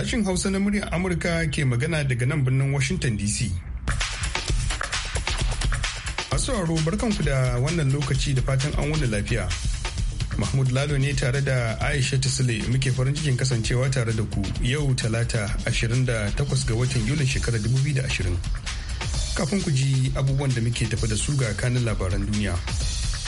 Sashin Hausa na muryar Amurka ke magana daga nan birnin Washington DC. masu barkan barkanku da wannan lokaci da fatan an wani lafiya. Mahmud Lalo ne tare da Aisha Tisle muke farin cikin kasancewa tare da ku yau talata 28 ga watan Yulin shekarar 2020. Kafin ku ji abubuwan da muke tafi da su ga kanin labaran duniya.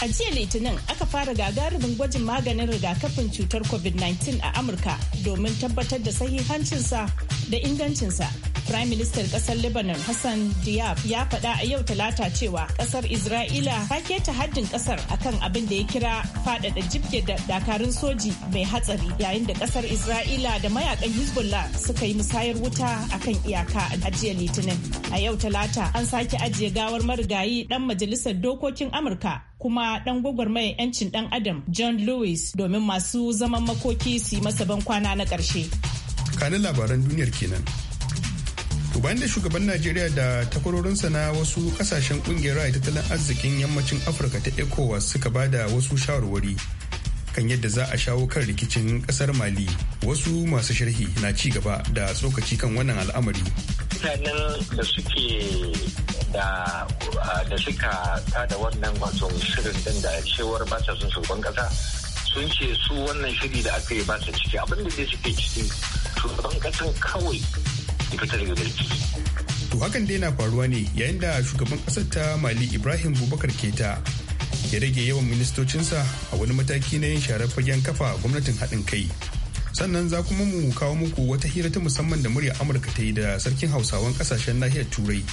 A jiya Litinin aka fara gagarumin gwajin maganin rigakafin cutar COVID-19 a Amurka domin tabbatar da sahihancinsa da ingancinsa. Prime Minister kasar Lebanon Hassan Diab ya faɗa a yau talata cewa kasar Isra'ila ta keta haddin kasar akan abin da ya kira faɗaɗa jibge da dakarun soji mai hatsari yayin da kasar Isra'ila da mayakan Hezbollah suka yi musayar wuta akan iyaka a jiya Litinin. A yau talata an sake ajiye gawar marigayi ɗan majalisar dokokin Amurka kuma ɗan gwagwarmayar 'yancin dan adam John Lewis domin masu zaman makoki su yi masa ban kwana na ƙarshe. Kanin labaran duniyar kenan. bayan da shugaban najeriya da takwarorinsa na wasu kasashen kungiyar ra'ayi tattalin arzikin yammacin afirka ta ecowas suka ba da wasu shawarwari kan yadda za a shawo kan rikicin kasar mali wasu masu sharhi na ci gaba da tsokaci kan wannan al'amari mutanen da suke da da suka tada wannan wato shirin din da cewar ba ta son shugaban kasa sun ce su wannan shiri da aka yi ba sa ciki abinda da suke ciki shugaban kasan kawai To hakan dai na faruwa ne yayin da shugaban ƙasar ta Mali Ibrahim Bubakar Keta ya rage yawan ministocinsa a wani mataki na yin sharar fagen kafa gwamnatin haɗin kai. Sannan za kuma mu kawo muku wata hira ta musamman da murya Amurka ta yi da sarkin Hausawan ƙasashen nahiyar Turai.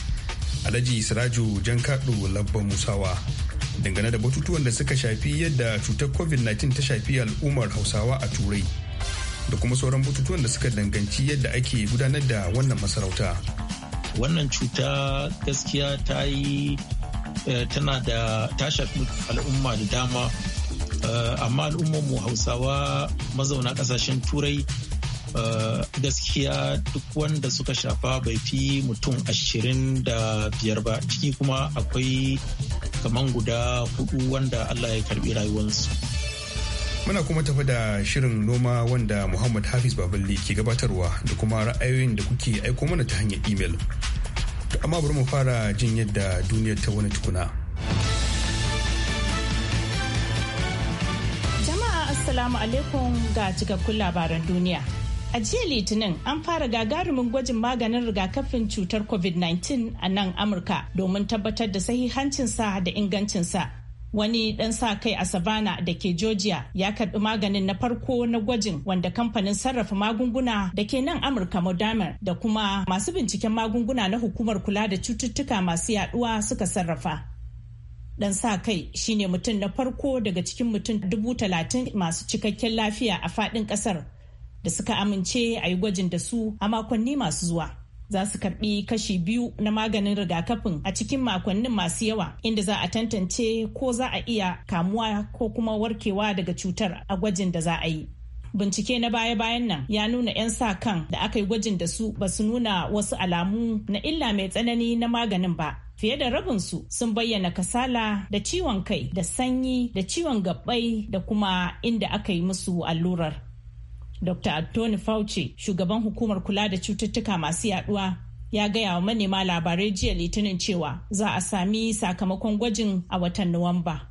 Alhaji Siraju Jankaɗo Labban Musawa. Dangane da batutuwan da suka shafi yadda cutar COVID-19 ta shafi al'ummar Hausawa a Turai. da kuma sauran bututuwan da suka danganci yadda ake gudanar da wannan masarauta. Wannan cuta gaskiya ta yi eh, tana da ta al'umma da dama eh, amma mu hausawa mazauna kasashen turai eh, gaskiya duk wanda suka shafa bai fi mutum ashirin da biyar ba ciki kuma akwai kaman guda hudu wanda allah ya karbi rayuwarsu. Muna kuma tafi da shirin noma wanda Muhammad Hafiz Baballe ke gabatarwa da kuma ra'ayoyin da kuke aiko mana ta hanyar imel. Amma bari mu fara jin yadda duniyar ta wani tukuna. Jama'a Assalamu alaikum ga cikakkun labaran duniya. A jiya Litinin an fara gagarumin gwajin maganin rigakafin cutar COVID-19 a nan Amurka domin tabbatar da sahihancinsa da ingancinsa. wani dan sa kai a savannah da ke georgia ya karbi maganin na farko na gwajin wanda kamfanin sarrafa magunguna da ke nan amurka modamar da kuma masu binciken magunguna na hukumar kula da cututtuka masu yaduwa suka sarrafa dan sa kai shine mutum na farko daga cikin mutum dubu talatin masu cikakken lafiya a fadin kasar da suka amince a yi gwajin da su a makonni masu zuwa za su karbi kashi biyu na maganin rigakafin a cikin makonnin masu yawa inda za a tantance ko za a iya kamuwa ko kuma warkewa daga cutar a gwajin da za a yi bincike na baya-bayan nan ya nuna 'yan sa kan da aka yi gwajin da su ba su nuna wasu alamu na illa mai tsanani na maganin ba fiye da rabinsu sun bayyana kasala da ciwon kai da sanyi da ciwon gabbai da kuma inda aka yi musu allurar Dr. Anthony Fauci, shugaban hukumar kula da cututtuka masu yaduwa, ya gaya wa manema labarai jiya litinin cewa za a sami sakamakon gwajin a watan Nuwamba.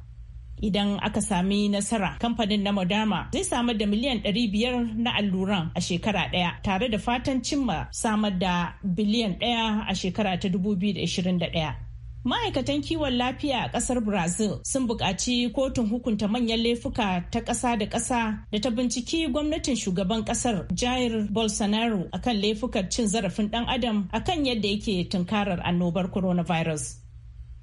Idan aka sami nasara, kamfanin na Moderna zai samar da miliyan 500 na alluran a shekara ɗaya tare da fatan cimma samar da biliyan ɗaya a shekara ta 2021. ma'aikatan kiwon lafiya a kasar brazil sun buƙaci kotun hukunta manyan laifuka ta ƙasa da ƙasa da ta binciki gwamnatin shugaban ƙasar jair bolsonaro akan laifukan cin zarafin ɗan adam akan yadda yake tunkarar annobar coronavirus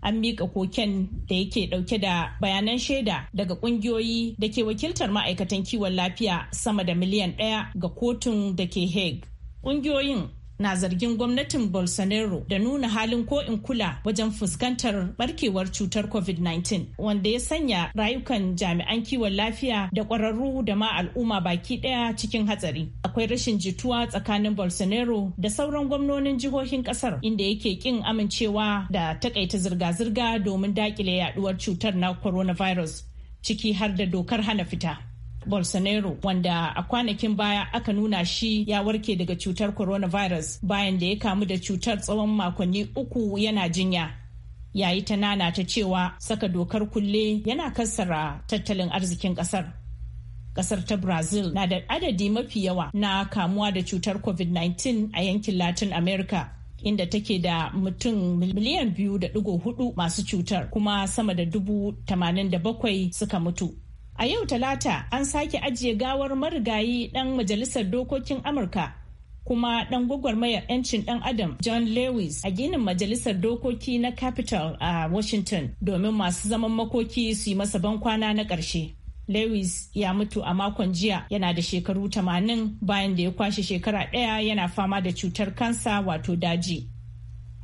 an miƙa koken da yake ɗauke da bayanan shaida daga ƙungiyoyi da ke wakiltar ma'aikatan kiwon lafiya sama da miliyan ɗaya ga kotun da ke hague ƙungiyoyin na zargin gwamnatin Bolsonaro da nuna halin ko in kula wajen fuskantar barkewar cutar COVID-19 wanda ya sanya rayukan jami'an kiwon lafiya da ƙwararru da ma al'umma baki ɗaya cikin hatsari. Akwai rashin jituwa tsakanin Bolsonaro da sauran gwamnonin jihohin ƙasar inda yake ƙin amincewa da takaita zirga-zirga domin daƙile yaɗuwar cutar na coronavirus ciki har da dokar hana fita. Bolsonaro wanda a kwanakin baya aka nuna shi ya warke daga cutar coronavirus bayan da ya kamu da cutar tsawon makonni uku yana jinya. Yayi ta nana ta cewa saka dokar kulle yana kassara tattalin arzikin kasar. Kasar ta Brazil na da adadi mafi yawa na kamuwa da cutar COVID-19 a yankin Latin America. inda take da mutum miliyan biyu da hudu masu cutar kuma sama da dubu tamanin da bakwai suka mutu A yau Talata an sake ajiye gawar marigayi ɗan majalisar dokokin Amurka kuma ɗan gwagwarmayar 'yancin ɗan Adam John Lewis a ginin majalisar dokoki na Capitol a Washington domin masu zaman makoki su yi masa kwana na ƙarshe. Lewis ya mutu a makon jiya yana da shekaru 80 bayan da ya kwashe shekara ɗaya yana fama da cutar kansa wato daji.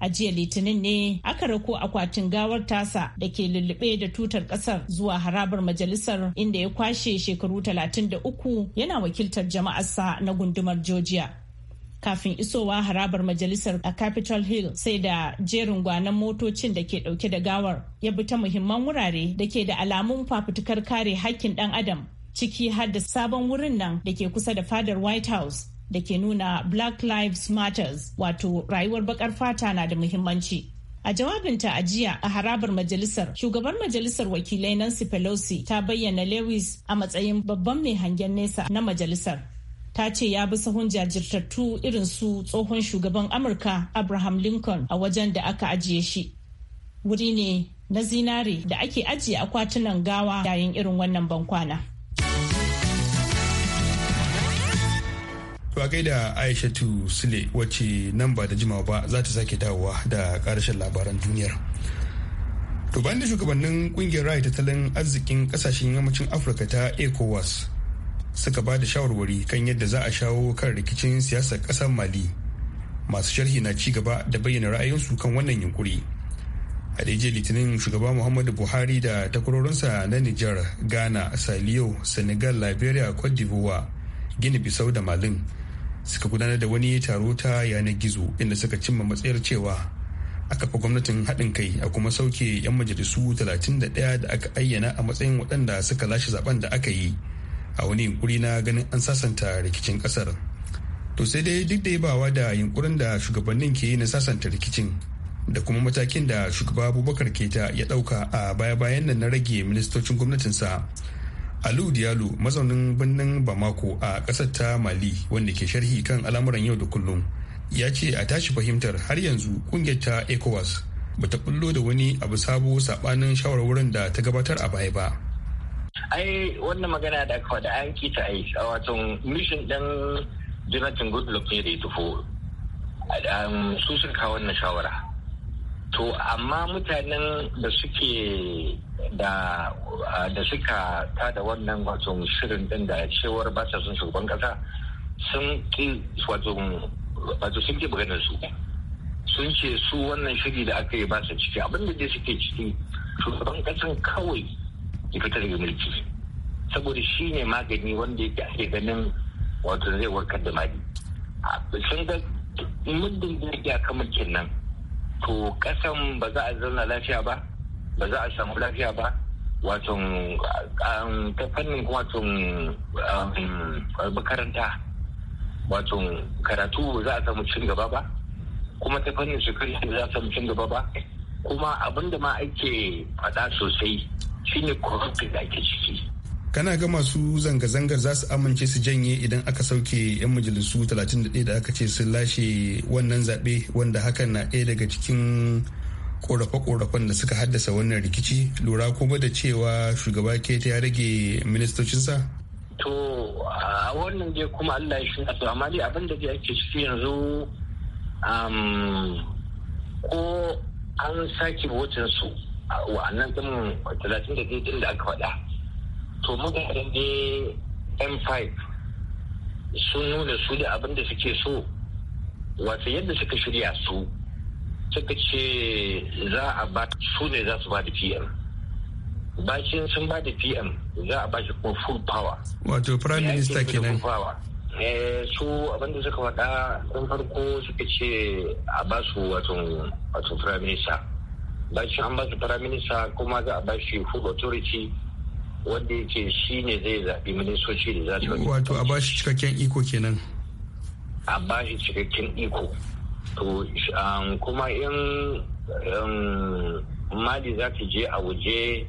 a jiya litinin ne aka rako akwatin gawar tasa da ke lullube da tutar kasar zuwa harabar majalisar inda ya kwashe shekaru 33 yana wakiltar jama'arsa na gundumar georgia kafin isowa harabar majalisar a capitol hill sai da jerin gwanan motocin da ke dauke da gawar ya bi ta muhimman wurare da ke da alamun fafutukar kare hakkin dan adam ciki har da sabon wurin nan da ke kusa da fadar white house da ke nuna Black Lives Matters wato rayuwar bakar fata na da muhimmanci. A jawabinta a jiya a harabar majalisar, shugabar majalisar wakilai Nancy Pelosi ta bayyana Lewis a matsayin babban mai hangen nesa na majalisar. Ta ce ya bi sahun jajirtattu irin su tsohon shugaban Amurka Abraham Lincoln a wajen da aka ajiye shi. Wuri ne na zinare da ake ajiye akwatunan gawa yayin irin wannan bankwana. To a gaida Aishatu Sule wacce nan ba da jimawa ba za ta sake dawowa da karashin labaran duniyar. To bayan da shugabannin kungiyar raya tattalin arzikin kasashen yammacin Afirka ta ECOWAS suka ba da shawarwari kan yadda za a shawo kan rikicin siyasar ƙasar Mali. Masu sharhi na ci gaba da bayyana ra'ayinsu kan wannan yunkuri. A daidai Litinin shugaba Muhammadu Buhari da takwarorinsa na Nijar, Ghana, Saliyo, Senegal, Liberia, Cote d'Ivoire, Guinea-Bissau da Malin suka gudanar da wani taro ta yanar gizo inda suka cimma matsayar cewa a kafa gwamnatin haɗin kai a kuma sauke 'yan majalisu 31 da aka ayyana a matsayin waɗanda suka lashe zaben da aka yi a wani yunkuri na ganin an sasanta rikicin ƙasar to sai dai duk da yabawa da yunkurin da shugabannin ke yi na sasanta rikicin da kuma matakin da shugaba abubakar keta ya ɗauka a baya-bayan nan na rage ministocin gwamnatinsa Alu Diallo mazaunin birnin Bamako a ƙasar ta Mali wanda ke sharhi kan al'amuran yau da kullum ya ce a tashi fahimtar har yanzu kungiyar ta ECOWAS bata bullo da wani abu sabo sabanin shawarwarin da ta gabatar a baya ba. Ai wannan magana da aka faɗa an ki ta ai a wato mission ɗin Jonathan Goodluck ne da ya tufo. Su sun kawo wannan shawara. to amma mutanen da suke da da suka ta da wannan wato shirin din da cewar ba sa son shugaban kasa sun ki wato wato sun ki su sun ce su wannan shiri da aka yi ba sa ciki abin da suke ciki shugaban kasan kawai ya fita daga mulki saboda shi ne magani wanda yake ake ganin wato zai warkar da mali sun ga muddin da yake a nan to kasan ba za a zauna lafiya ba ba za a samu lafiya ba wato ta fannin wato um, makaranta wato karatu za a samu cin gaba ba kuma ta fannin ba za a samu cin gaba ba kuma abinda ma ake faɗa sosai shine ne da ake ciki kana ga masu zanga-zangar za su amince su janye idan aka sauke 'yan majalisu 31 da aka ce sun lashe wannan zaɓe wanda hakan na ɗaya daga cikin korafe-korafen da suka haddasa wannan rikici lura kuma da cewa shugaba ke ya rage ministocinsa? to a wannan dai kuma allah ya shirya su amma dai abin da ake ciki yanzu ko an sake wacin su wa'annan ɗin 31 da aka faɗa to mutanen da m5 sun nuna su da abin da suke so wato yadda suka shirya su suka ce za a ba su ne za su ba da pm bakin sun ba da pm za a ba shi kuma full power wato prime minister kenan eh, su abinda suka faɗa ɗan farko suka ce a ba su wato prime minister bakin an ba su prime minister kuma za a ba shi full authority wanda yace shi ne zai zaɓi ministoci da za su wato a bashi cikakken iko kenan a bashi cikakken iko to um, kuma in um, mali za ta je a waje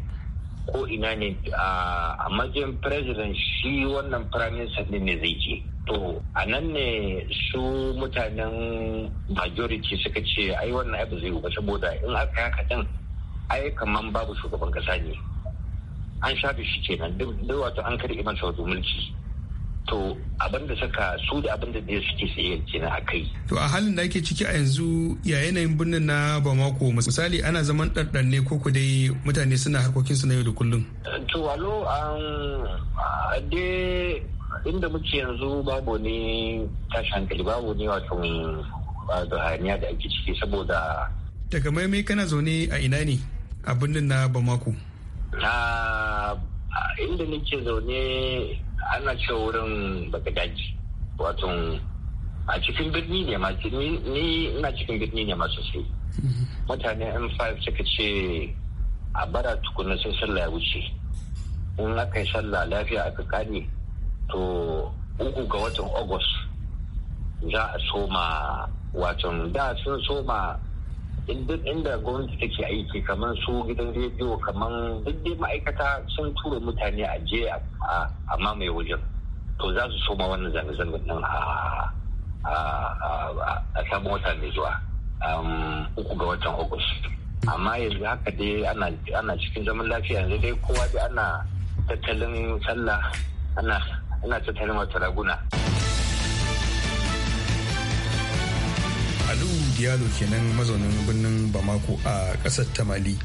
ko ina ne a majin president shi wannan firaministan ne ne zai je to a nan ne su mutanen majority suka ce ai wannan abu zai ba saboda in aka haka din ai kaman babu shugaban kasa ne an shafe shi kenan duk wato an karɓi masa wato mulki to abin da saka su da abin da ne suke tsaye kenan a kai. To a halin da ake ciki a yanzu ya yanayin birnin na Bamako misali ana zaman ɗanɗan ne ko dai mutane suna harkokin su na yau da kullum. To walo an de inda muke yanzu babu ne tashi hankali babu ne wato da hanya da ake ciki saboda. Daga maimai kana zaune a ina ne a birnin na Bamako. inda nake zaune ana cewa wurin baka daji wato a cikin birni ne ma ni ina cikin birni ne ma sosai mutane m5 suka ce a bara tukuna sai sallah ya wuce in aka yi sallah lafiya aka kare to uku ga watan august za a soma wato da sun soma duk inda gwamnati take aiki kamar su gidan rediyo kamar duk dai ma'aikata sun tura mutane a je a mamaye wajen to za su soma wannan zanga-zangar nan a sabon wata mai zuwa um, uku ga watan agus amma yanzu haka dai ana cikin zaman lafiya yanzu dai kowa dai ana tattalin sallah ana tattalin wata raguna. diallo kenan mazaunin birnin bamako a ƙasar ta mali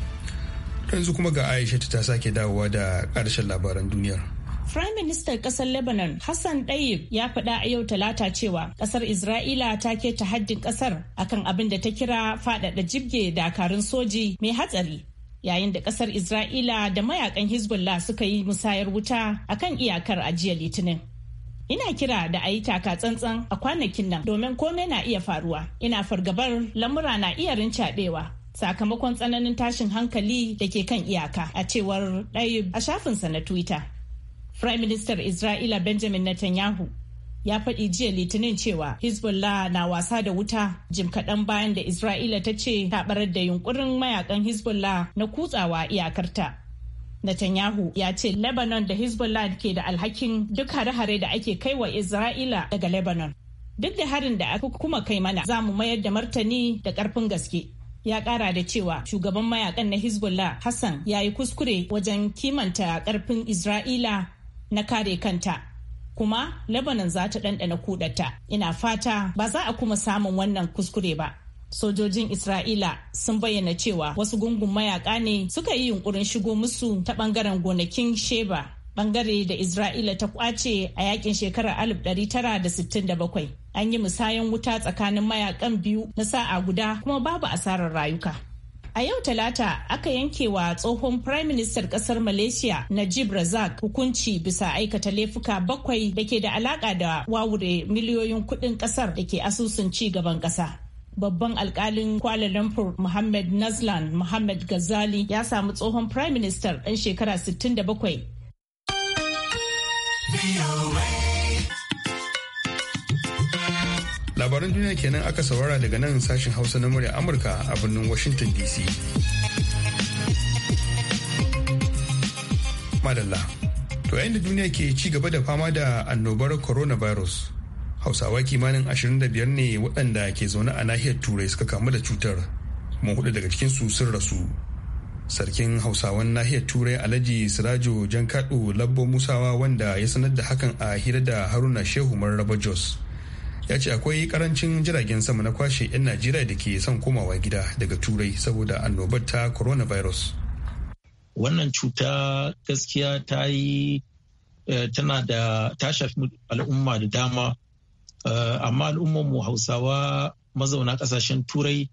yanzu kuma ga aisha ta sake dawowa da ƙarshen labaran duniyar Prime Minister kasar Lebanon Hassan Dayib ya faɗa a yau talata cewa ƙasar Isra'ila ta ke ta haddin ƙasar akan abin da ta kira faɗaɗa jibge dakarun soji mai hatsari. Yayin da ƙasar Isra'ila da mayakan Hezbollah suka yi musayar wuta akan iyakar a Litinin. Ina kira da a yi taka tsantsan a kwanakin nan domin komai na iya faruwa. Ina fargabar lamura na iya rincaɗewa sakamakon tsananin tashin hankali da ke kan iyaka a cewar ɗaya a shafinsa na Twitter. Prime Minister Isra'ila Benjamin Netanyahu ya faɗi jiya litinin cewa hezbollah na wasa da wuta jim kaɗan bayan da isra'ila ta ce ta barar da yunkurin mayakan hezbollah na kutsawa iyakarta Netanyahu ya ce Lebanon da Hezbollah ke da alhakin duk hare-hare da ake kai wa Isra'ila daga Lebanon. Duk da harin da aka kuma kai mana za mu mayar da martani da ƙarfin gaske. Ya ƙara da cewa shugaban mayakan na Hezbollah Hassan ya yi kuskure wajen kimanta ƙarfin Isra'ila na kare kanta. Kuma Lebanon za ta ɗanɗana kudata. Ina fata ba za a kuma samun wannan kuskure ba. sojojin Isra'ila sun bayyana cewa wasu gungun mayaka ne suka yi yunkurin shigo musu ta bangaren gonakin Sheba bangare da Isra'ila ta kwace a yakin shekarar 1967. An yi musayan wuta tsakanin mayakan biyu na sa'a guda kuma babu asarar rayuka. A yau Talata aka yanke wa tsohon Prime Minister kasar Malaysia Najib Razak hukunci bisa aikata laifuka bakwai da ke da alaka da wawure miliyoyin kudin kasar da ke asusun ci gaban kasa. babban alkalin Kuala Lumpur Muhammad Nazlan Muhammad Ghazali ya samu tsohon Prime Minister ɗan shekara 67. labaran duniya kenan aka saurara daga nan sashen hausa na murya amurka a birnin washington dc madalla to yayin da duniya ke ci gaba da fama da annobar coronavirus hausawa kimanin 25 ne waɗanda ke zaune a nahiyar turai suka kamu da cutar mun hudu daga su sun rasu sarkin hausawan nahiyar turai alhaji sirajo jan kaɗo labbo musawa wanda ya sanar da hakan a hira da haruna shehu marraba jos ya ce akwai karancin jiragen sama na kwashe 'yan najeriya da ke son komawa gida daga turai saboda annobar ta coronavirus wannan cuta gaskiya ta yi eh, tana da ta shafi al'umma da dama Eh, amma mu hausawa mazauna kasashen turai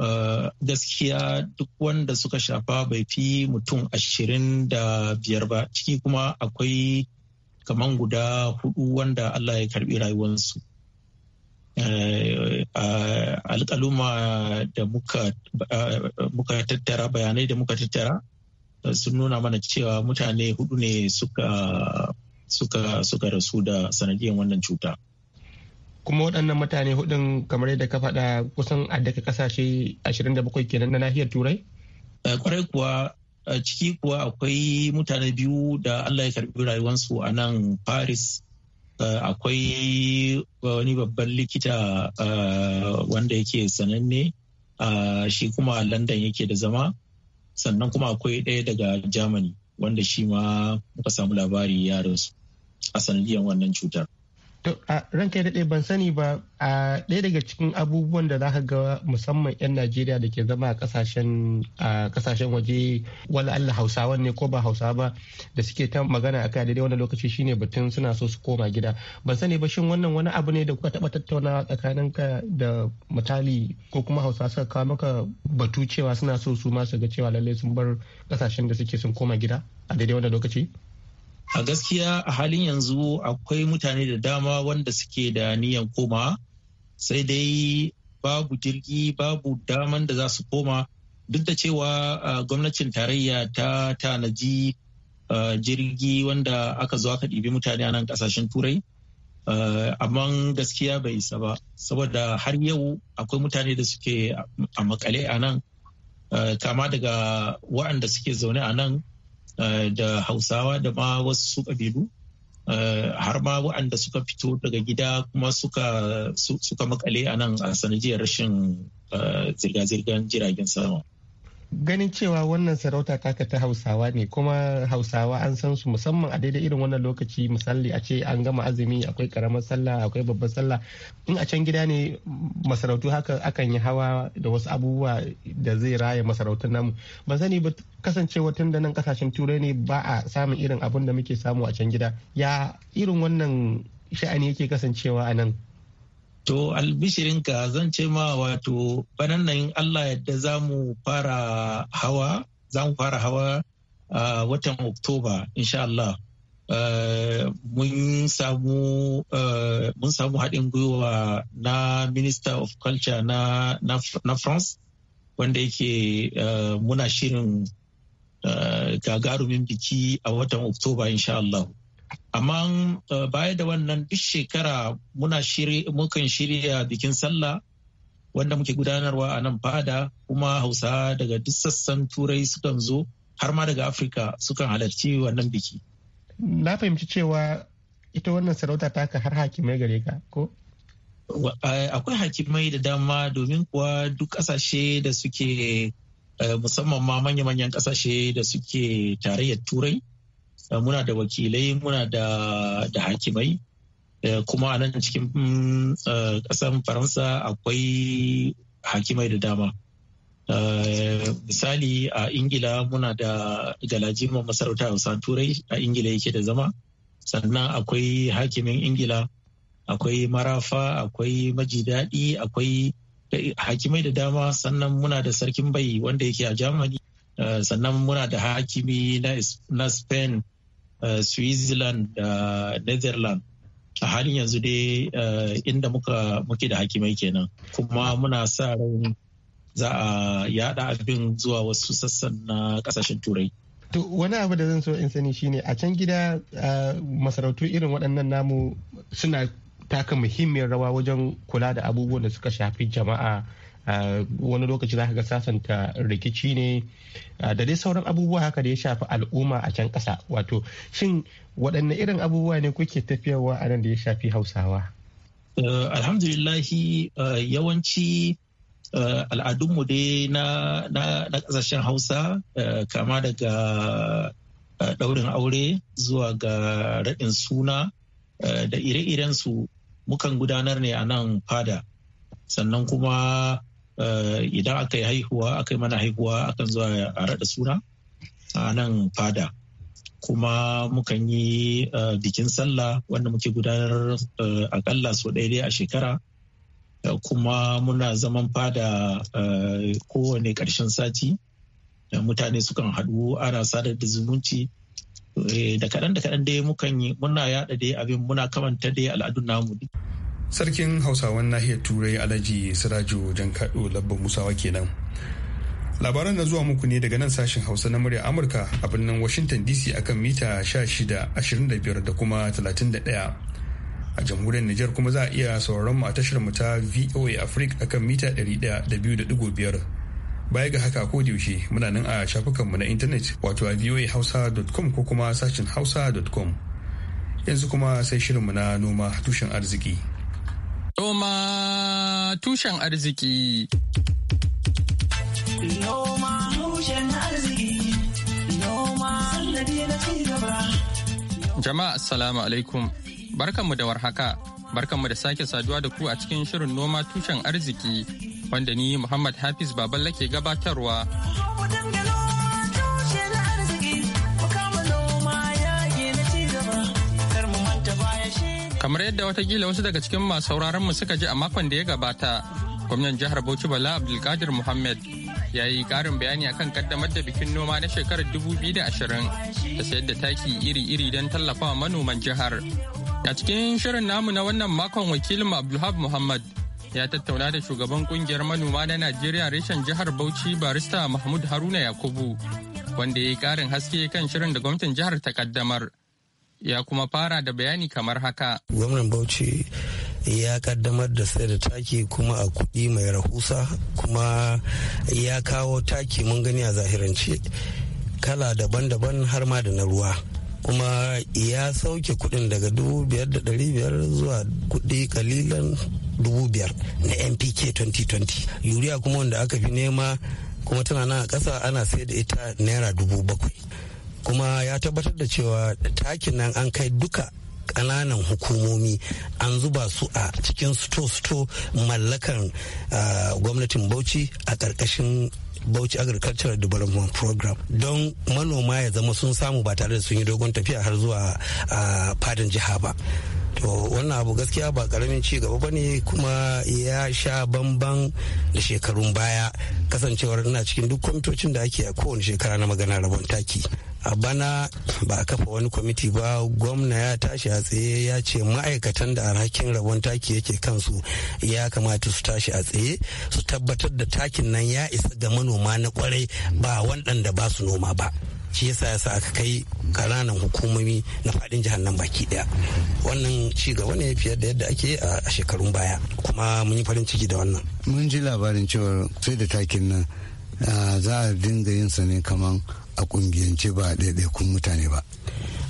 eh, gaskiya duk wanda suka shafa bai fi mutum ashirin da biyar ba ciki kuma akwai kaman guda hudu wanda allah ya karbi rayuwarsu eh, alƙaluma da muka tattara bayanai da muka tattara sun nuna mana cewa mutane hudu ne suka rasu da sanadiyar wannan cuta. kuma waɗannan mutane hudun kamar yadda ka faɗa kusan a daga kasashe 27 kenan na nahiyar turai kwarai eh, kuwa ciki kuwa akwai mutane biyu da allah ya karbi rayuwansu a nan paris eh, akwai wani babban likita eh, wanda yake sananne shi kuma a london yake da zama sannan kuma akwai ɗaya daga germany wanda shi ma muka samu labari ya rasu a sanadiyar wannan cutar ranka daɗe ban sani ba a ɗaya daga cikin abubuwan da zaka ga musamman 'yan najeriya da ke zama a kasashen waje wala allah hausawa ne ko ba hausawa ba da suke ta magana a kai daidai wani lokaci shine batun suna so su koma gida ban sani ba shin wannan wani abu ne da kuka taɓa tattauna tsakanin ka da mutali ko kuma hausa suka kawo maka batu cewa suna so su ma su ga cewa lallai sun bar kasashen da suke sun koma gida a daidai wani lokaci a gaskiya a halin yanzu akwai mutane da dama wanda suke da niyan koma sai dai babu jirgi babu daman da za su koma duk da cewa gwamnatin tarayya ta tanaji jirgi wanda aka zo aka ɗibi mutane a nan ƙasashen turai amma gaskiya bai isa ba saboda har yau akwai mutane da suke a makale a nan kama daga waɗanda suke zaune a nan Eh, da hausawa da ma wasu ƙabilu eh, har ma waɗanda suka fito daga gida kuma suka makale a nan a sanadiyar rashin eh, zirga-zirgar jiragen sama ganin cewa wannan sarauta taka ta hausawa ne kuma hausawa an san su musamman a daidai irin wannan lokaci misali a ce an gama azumi akwai karamar sallah akwai babbar sallah in a can gida ne masarautu haka akan yi hawa da wasu abubuwa da zai raya masarautun namu ban sani ba kasancewa tun da nan kasashen turai ne ba a samun irin abun da muke samu a can gida ya irin wannan sha'ani yake kasancewa a nan To albishirinka zan ce ma wato banan nan Allah yadda za mu fara hawa, za mu fara hawa a watan Oktoba, insha Allah. Mun samu haɗin gwiwa na Minister of Culture na, na, France, wanda yake muna shirin gagarumin biki a watan Oktoba, insha Allah. amma eh, baya da wannan duk shekara muna shiri mukan shirya bikin sallah wanda muke gudanarwa a nan fada kuma hausa daga duk sassan turai sukan zo har ma daga afirka sukan halarci wannan biki na fahimci cewa ita wannan sarauta taka har hakimai gare ka ko eh, akwai hakimai da dama domin kuwa duk kasashe da suke eh, musamman ma manya-manyan kasashe da suke tarayyar turai Eh, muna da wakilai muna da hakimai eh, kuma a nan cikin kasan eh, faransa akwai hakimai da dama misali a ingila muna da galajima masarauta hausa turai a ingila yake da zama sannan akwai hakimin ingila akwai marafa akwai majidadi akwai hakimai da dama sannan muna da sarkin bai wanda yake a germany sannan muna da hakimi na spain Eh, switzerland da netherlands a halin yanzu dai eh, inda muka muke da hakimai kenan kuma muna sa ran za a yada abin zuwa wasu sassan na kasashen turai to wani abu da zan so in sani shine a can gida eh, masarautu irin waɗannan namu suna taka muhimmiyar rawa wajen kula da abubuwan da suka shafi jama'a wani lokaci za ka ga sasanta rikici ne da dai sauran abubuwa haka da ya shafi al'umma a can ƙasa wato shin waɗanne irin abubuwa ne kuke tafiyarwa a nan da ya shafi hausawa eh, alhamdulillahi eh, yawanci eh, al'adunmu dai na ƙasashen hausa kama daga ɗaurin aure zuwa ga raɗin suna da ire iren su mukan gudanar ne a nan fada sannan kuma Eh, idan aka yi haihuwa aka yi mana haihuwa akan zuwa a raɗa suna a nan fada kuma mukan yi eh, bikin sallah wanda muke gudanar eh, akalla sau ɗaya a shekara kuma muna zaman fada kowane ƙarshen sati mutane sukan haɗu ana sadar da zumunci da kaɗan da kaɗan dai muna yaɗa dai abin muna kamanta dai al'adun namu sarkin hausawan nahiyar turai alhaji sirajo jankaɗo labba musawa kenan labaran na zuwa muku ne daga nan sashen hausa na murya amurka a birnin washington dc akan mita 16.25 da kuma 31 a jamhuriyar Nijar kuma za a iya sauraron mu a tashar mu ta VOA Africa akan mita biyar baya ga haka ko yaushe muna nan a shafukan mu na intanet wato a voahausa.com ko kuma sashin hausa.com yanzu kuma sai shirin mu na noma tushen arziki Noma tushen arziki. Jama'a assalamu alaikum. Barkanmu da warhaka. Barkanmu da sake saduwa da ku a cikin shirin noma tushen arziki wanda ni Muhammad Hafiz Baballa ke gabatarwa. kamar yadda watakila wasu daga cikin masu sauraron mu suka ji a makon da ya gabata gwamnan jihar bauchi bala abdulkadir muhammad ya yi karin bayani akan kaddamar da bikin noma na shekarar dubu biyu da ashirin sayar da taki iri-iri don tallafawa manoman jihar a cikin shirin namu na wannan makon wakilin abdulhab muhammad ya tattauna da shugaban kungiyar manoma na najeriya reshen jihar bauchi barista mahmud haruna yakubu wanda ya yi karin haske kan shirin da gwamnatin jihar ta kaddamar ya kuma fara da bayani kamar haka. Gwamnan Bauchi ya kaddamar da sai da taki kuma a kuɗi mai rahusa kuma ya kawo taki mun gani a zahirance kala daban-daban har ma da na ruwa. kuma ya sauke kudin daga dubu biyar da ɗari biyar zuwa kudi kalilan dubu biyar na npk 2020 yuriya kuma wanda aka fi nema kuma tana nan a ƙasa ana sai da ita naira dubu bakwai kuma ya tabbatar da cewa takin nan an kai duka kananan hukumomi an zuba su a cikin sito-sito mallakan uh, gwamnatin bauchi a ƙarƙashin bauchi agricultural development program don manoma ya zama sun samu ba tare da sun yi dogon tafiya har zuwa uh, fadin jiha ba to wannan abu gaskiya ba karamin ci gaba bane kuma ya sha bamban da shekarun baya kasancewar ina cikin duk kwamitocin da ake a kowane shekara na magana rabon taki a bana ba a kafa wani kwamiti ba gwamna ya tashi a tsaye ya ce ma'aikatan da alhakin rabon taki yake kansu ya kamata su tashi a tsaye su tabbatar da takin nan ya isa ga manoma na kwarai ba waɗanda ba su noma ba shi yasa ya sa aka kai kananan hukumomi na fadin jihar nan baki daya wannan ci gaba ne fiye da yadda ake a shekarun baya kuma mun yi farin ciki da wannan mun ji labarin cewa sai da takin nan za a dinga yin sa ne kaman a kungiyance ba ɗaiɗaikun mutane ba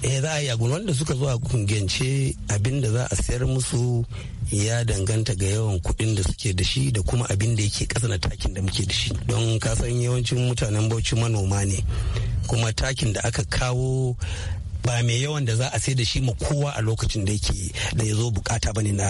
eh za a yi wanda suka zo a kungiyance abin da za a sayar musu ya danganta ga yawan kuɗin da suke da shi da kuma abin da yake ƙasa na takin da muke da shi don kasan yawancin mutanen bauchi manoma ne kuma takin da aka kawo ba mai yawan da za a sai da shi ma kowa a lokacin da yake da ya zo bukata bane na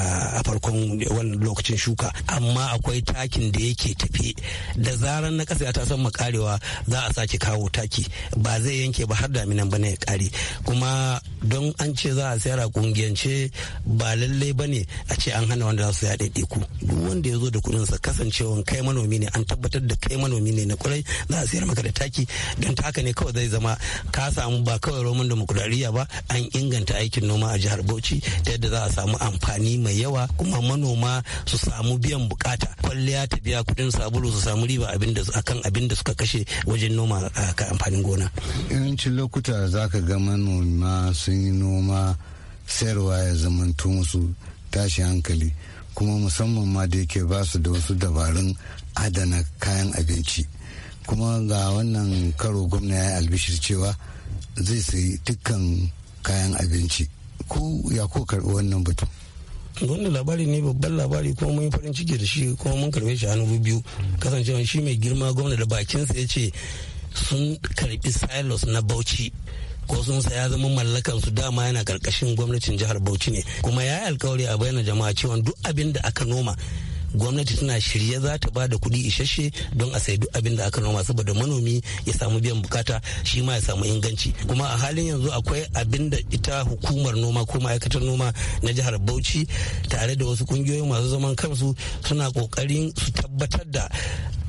farkon wannan lokacin shuka amma akwai takin da yake tafe da zaran na kasa ta san makarewa za a sake kawo taki ba zai yanke ba har daminan bane ya kare kuma don an ce za a sayar a kungiyance ba lalle bane a ce an hana wanda za su yaɗe ku duk wanda ya zo da kuɗin sa kasancewan kai manomi ne an tabbatar da kai manomi ne na kurai za a sayar maka da taki don taka ne kawai zai zama ka samu ba kawai roman da mu gariya ba an inganta aikin noma a jihar bauchi ta yadda za a samu amfani mai yawa kuma manoma su samu biyan bukata kwalliya ta biya kudin sabulu su samu riba akan abin da suka kashe wajen noma ka amfanin gona yawancin lokuta za ka ga manoma sun yi noma sayarwa ya zamanto musu tashi hankali kuma musamman ma da yake ba su da wasu dabarun adana kayan abinci kuma ga wannan karo gwamna ya yi albishir cewa zai sayi dukkan kayan abinci ku ya ko karɓi wannan batu wannan labari ne babban labari kuma mun farin ciki da shi kuma mun karɓe shi hannu biyu kasancewa shi mai girma gwamna da bakinsa ya ce sun karɓi silos na bauchi ko sun saya zama mallakan su dama yana karkashin gwamnatin jihar bauchi ne kuma ya yi alkawari a bayyana jama'a cewa duk abin da aka noma gwamnati tana shirye za ta ba da kuɗi isasshe don a sayi duk abin da aka noma saboda manomi ya samu biyan bukata shi ma ya samu inganci kuma a halin yanzu akwai abin da ita hukumar noma ko ma'aikatar noma na jihar bauchi tare da wasu ƙungiyoyi masu zaman kansu suna kokarin su tabbatar da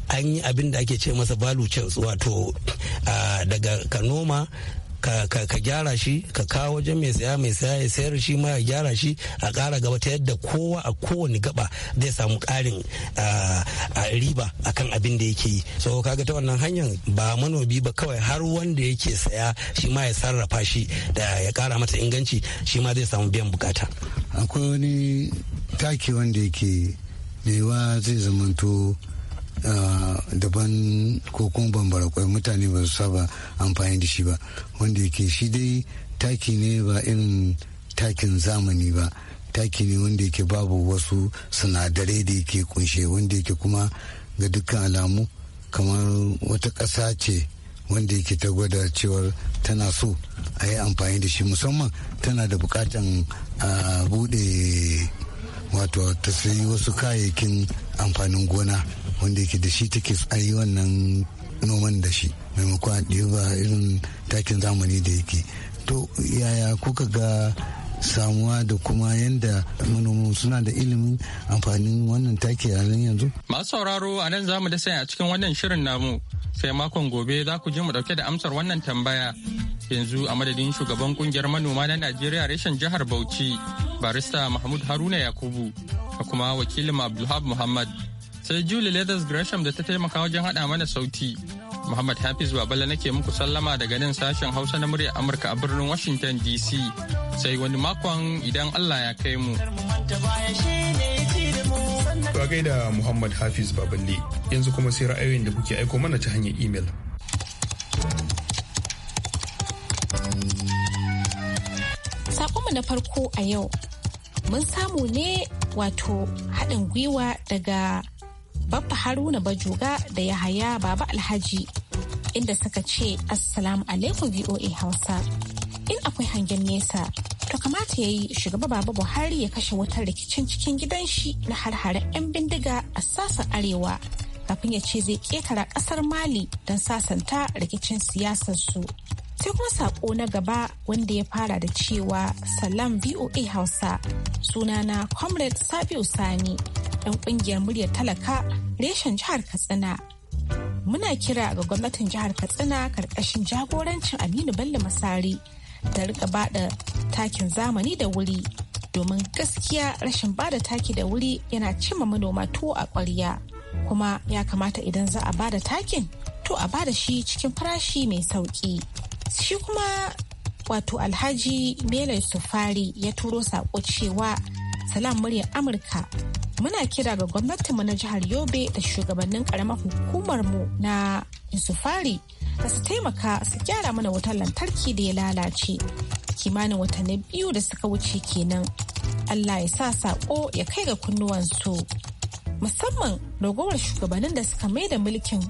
an yi abin da ake ce masa balu wato daga kanoma. ka gyara shi ka kawo wajen mai saya mai saya ya sayar shi ma ya gyara shi a kara gaba ta yadda kowa a kowane gaba zai samu ƙarin riba akan abin da yake yi so kaga ta wannan hanyar ba manobi ba kawai har wanda yake saya shi ma ya sarrafa shi da ya kara mata inganci shi ma zai samu biyan bukata akwai wani taki wanda yake da zai zamanto daban ko kuma bambara kwai mutane ba su saba amfani da shi ba wanda yake shi dai taki ne ba irin takin zamani ba taki ne wanda yake babu wasu sinadarai da yake kunshe wanda yake kuma ga dukkan alamu kamar wata ƙasa ce wanda yake ta gwada cewar tana so a yi amfani da shi musamman tana da bukatan bude wato ta sayi wasu kayayyakin amfanin gona wanda yake da shi take tsayi wannan noman da shi maimakon a ɗiba irin takin zamani da yake to yaya kuka ga samuwa da kuma yadda manoma suna da ilimin amfanin wannan taki a nan yanzu. Masu sauraro a nan zamu da sai a cikin wannan shirin namu sai makon gobe za ku ji mu dauke da amsar wannan tambaya. Yanzu a madadin shugaban kungiyar manoma na Najeriya reshen jihar Bauchi barista Mahmud Haruna Yakubu da kuma wakilin Abdulhab Muhammad sai Julie Leathers Gresham da ta taimaka wajen haɗa mana sauti. Muhammad Hafiz Babala nake muku sallama daga nan sashen Hausa na muryar Amurka a birnin Washington DC. Sai wani makon idan Allah ya kai mu. Ba gaida Muhammad Hafiz Baballe yanzu kuma sai ra'ayoyin da kuke aiko mana ta hanyar imel. Sakonmu na farko a yau mun samu ne wato haɗin gwiwa daga Babba Haruna Bajoga da Yahaya Baba Alhaji inda suka ce assalamu alaikum voa hausa in akwai hangen nesa to kamata ya yi shugaba baba buhari ya kashe wutar rikicin cikin gidan shi na har-hare 'yan bindiga a sassan arewa kafin ya ce zai ketara ƙasar mali don sasanta rikicin siyasar su sai kuma sako na gaba wanda ya fara da cewa salam voa hausa sunana comrade sabiu sani dan kungiyar muryar talaka reshen jihar katsina muna kira ga gwamnatin jihar katsina karkashin jagorancin aminu bello masari da rika bada takin zamani da wuri domin gaskiya rashin bada taki da wuri yana cimma manoma tuwo a ƙwarya kuma ya kamata idan za a bada takin to a bada shi cikin farashi mai sauƙi shi kuma wato alhaji mele sufari ya turo saƙo cewa salam muryar amurka muna kira ga gwamnatinmu na jihar yobe da shugabannin karamar hukumar mu na Isufari da su taimaka su gyara mana wutar lantarki da ya lalace kimanin watanni biyu da suka wuce kenan allah ya sa sako ya kai ga kunnuwansu musamman ragowar shugabannin da suka mai da mulkin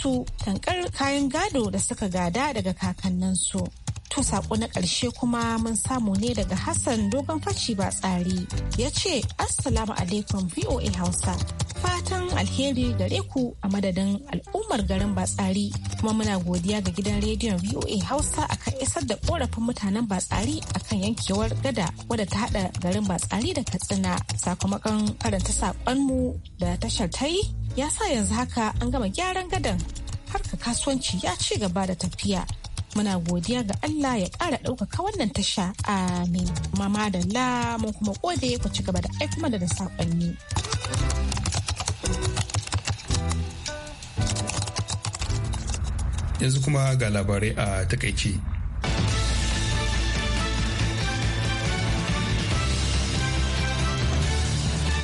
su tankar kayan gado da suka gada daga kakanninsu. To saƙo na ƙarshe kuma mun samu ne daga Hassan dogon fashi ba tsari ya ce Assalamu alaikum VOA Hausa fatan alheri gare ku a madadin al'ummar garin ba tsari. kuma muna godiya ga gidan rediyon voa hausa akan isar da korafin mutanen batsari a kan yankewar gada wadda ta hada garin batsari da katsina sakamakon karanta sakonmu da tashar ta yi ya sa yanzu haka an gama gyaran gadan harka kasuwanci ya ci gaba da tafiya muna godiya ga Allah ya ƙara ɗaukaka wannan tasha amin mama da la mun kuma gode ku ci gaba da aikuma da saƙonni. yanzu kuma ga labarai a takaice.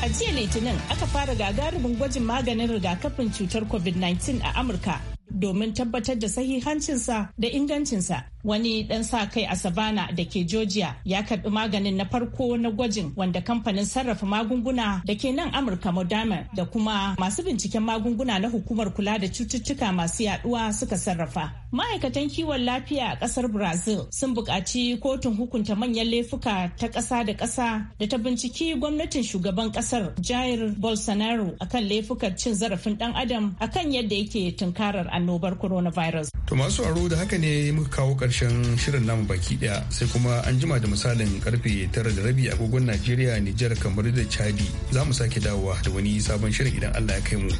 A jiya Litinin aka fara gagarumin gwajin maganin rigakafin cutar COVID-19 a Amurka domin tabbatar da sahihancinsa da ingancinsa wani dan sa kai a savannah da ke georgia ya karbi maganin na farko na gwajin wanda kamfanin sarrafa magunguna da ke nan amurka moderna da kuma masu binciken magunguna na hukumar kula da cututtuka masu yaduwa suka sarrafa ma'aikatan kiwon lafiya a kasar brazil sun buƙaci kotun hukunta manyan laifuka ta ƙasa da ƙasa da ta binciki gwamnatin shugaban ƙasar jair bolsonaro akan laifukan cin zarafin ɗan adam akan yadda yake tunkarar annobar coronavirus to masu aro da haka ne muka kawo karshen shirin namu baki daya sai kuma an jima da misalin karfe tara da rabi agogon najeriya nijar kamar da chadi za mu sake dawowa da wani sabon shirin idan allah ya kai mu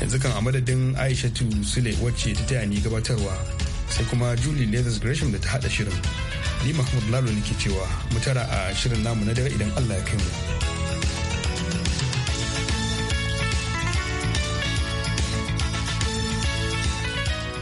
yanzu kan a madadin aishatu sule wacce ta taya ni gabatarwa sai kuma julie leathers gresham da ta hada shirin ni mahmud lalo nake cewa mu tara a shirin namu na dare idan allah ya kai mu